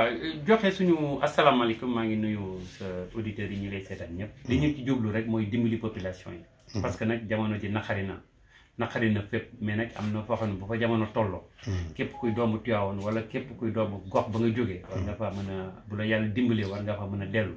waaw joxe suñu asalaamaaleykum ma ngi nuyu sa auditeurs yi ñu lay sétal ñëpp. li ñu ci jublu rek mooy dimbali population yi. Mhm. parce que nag jamono ji naqari na. naqari na fépp mais nag am na foo xam ne bu fa jamono tolloo. Mhm. képp kuy doomu Tiwaawoon wala képp kuy doomu gox ba nga jógee. war nga mhm. faa mën a bu la yàlla dimbalee war nga fa mën a dellu.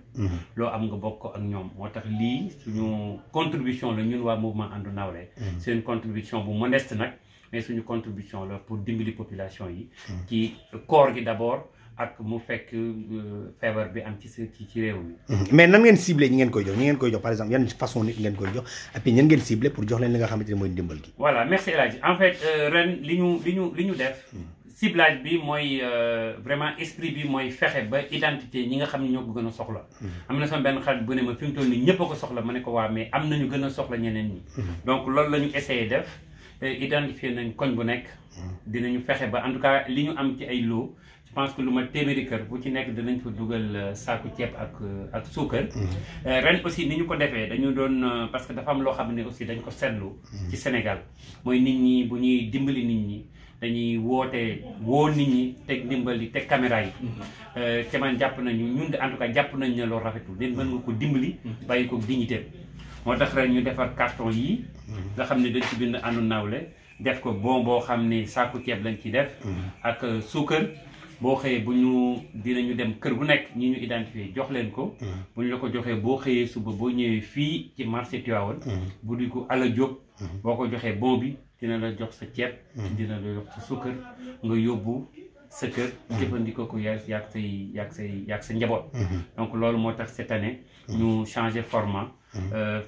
loo am nga bokk ak ñoom moo tax lii suñu contribution la ñun waa mouvement Andu Nawlé. seen contribution bu modeste nag mais suñu contribution la pour dimbali population yi. ci koor gi d' abord ak mu fekk euh, feebar bi am ci sa ci ci réew mi. Mhm. mais nan ngeen ciblé ñi ngeen koy jox ñi ngeen koy jox par exemple yan façon nit ngeen koy jox et puis ñan ngeen ciblé pour jox leen li nga xamante moy mooy ndimbal gi. voilà merci El en fait euh, ren li ñu li ñu li ñu def. Mhm. ciblage bi mooy euh, vraiment esprit bi mooy fexe ba identité ñi nga xam ne ñoo ko gën a soxla. Mhm. am na sama benn xarit bu ne ma fi mu toll nii ñëpp a ko soxla ma ne ko waa mais am na ñu gën a soxla ñeneen ñi. donc loolu la ñu essayé def. Euh, identifier nañ koñ bu nekk. dinañu fexe ba en tout cas li ñu am ci ay loo je pense que lu ma téeméeri kër bu ci nekk dinañ fa dugal euh, saaku ceeb ak euh, ak suukar. Mm-hmm. ren aussi ni ñu ko defee dañu doon parce que dafa am loo xam ne aussi dañ ko seetlu. Mm-hmm. ci Sénégal mooy nit ñi bu ñuy dimbali nit ñi. dañuy woote woo nit ñi te ndimbali teg caméra yi mm-hmm. te man jàpp nañu ñun de en jàpp nañu ne loolu rafetul nit mën nga ko dimbali bàyyi ko dignité moo tax ren ñu defar carton yi mhm. nga xam ne dañ ci bind àndu nawle def ko bon boo xam ne saaku ceeb lañ ci def mhm. ak euh, suukar boo xëyee bu ñu dinañu dem kër gu nekk ñi ñu identifié jox leen ko mhm. bu ñu la ko joxee boo xëyee suba boo ñëwee fii ci marché Tivaouane bu di ko ala boo ko joxee bon bi dina la jox sa ceeb dina la jox sa suukar nga yóbbu ce que je ko mmh. donc cette année nous mmh. changé format mmh. euh,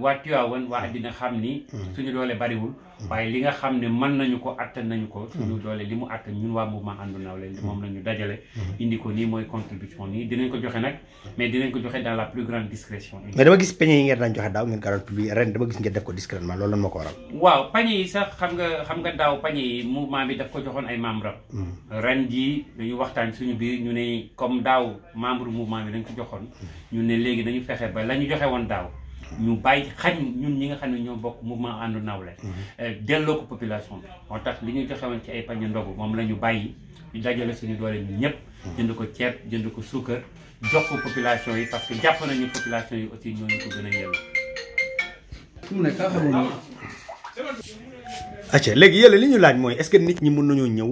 wàcc awan wah wax dina xam ni hmm. suñu doole bariwul hmm. waaye li nga xam ne mën nañu ko atte nañu ko hmm. suñu doole li mu atte ñun waa mbuma àndu naw leen moom la ñu dajale indi ko nii mooy contribution nii dinañ ko joxe nak, mais dinañ ko joxe dans la plus grande discrétion. mais dama gis peñe yi ngeen daan joxe daaw ngeen garoon bagi ren dama ko discrètement loolu lan ma Wow, waral. isak, pañe yi sax xam nga xam nga daaw bi daf ko joxoon ay membres. ren jii dañu waxtaan suñu biir ñu ne comme daaw membre mouvement bi dañ ko joxoon ñu ne legi, dañu fexe ba la ñu joxe woon ñu bàyyi xañ ñun ñi nga xam ne ñoo bokk mouvement àndu nawle mhm. euh, delloo ko population bi moo tax li ñu joxe ci ay pañ pañe ndogu moom la ñu bàyyi dajale suñu doole ñu ñëpp mhm. jënd ko ceeb jënd ko suukar jox ko population yi parce que jàpp nañu population yi aussi ñoo ñu ko gën a yelloo fu mu li ñu laaj mooy est-ce que nit ñi mën nañoo ñëw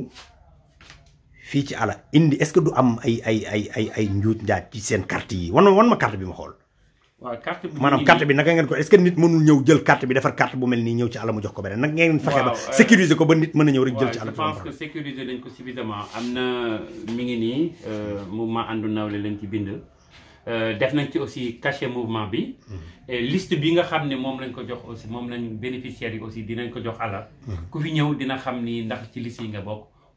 fii ci ala indi est-ce que du am ay ay ay ay ay njuuj njaaj ci seen carte yi wan wan ma carte bi ma xool manam carte bi naka ngeen ko est ce que nit mënul ñëw jël carte bi defar carte bu mel ni ñëw ci alamu jox ko benen nak ngeen fexé ba euh, sécuriser ko ba je pense que sécuriser lañ ko suffisamment amna mi ni euh mu andu nawle lañ ci bind euh bi hmm. et liste bi nga xamni mom lañ ko jox aussi mom lañ bénéficiaire aussi dinañ ko jox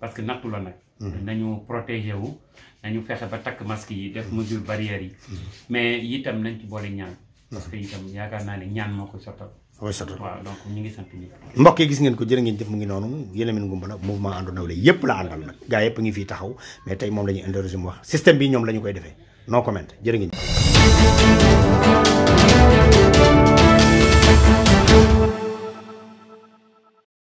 parce que nattu la nag. Mhm. nañu protéger wu nañu fexe ba takk masque yi def mhm. mesure barrière yi. Mhm. mais itam nañ ci boole ñaan. parce que yaakaar naa ne ñaan moo koy sottal. mooy sottal waaw donc ñu ngi sant ñëpp. mbokk yi gis ngeen ko jërë ngeen def mu ngi noonu yéen a mel ngumba la mouvement ànd nawle yépp la àndal nag gaa yépp ngi fii taxaw mais tey moom la ñuy interroger mu wax système bi ñoom la ñu koy defee non comment jërë ngeen.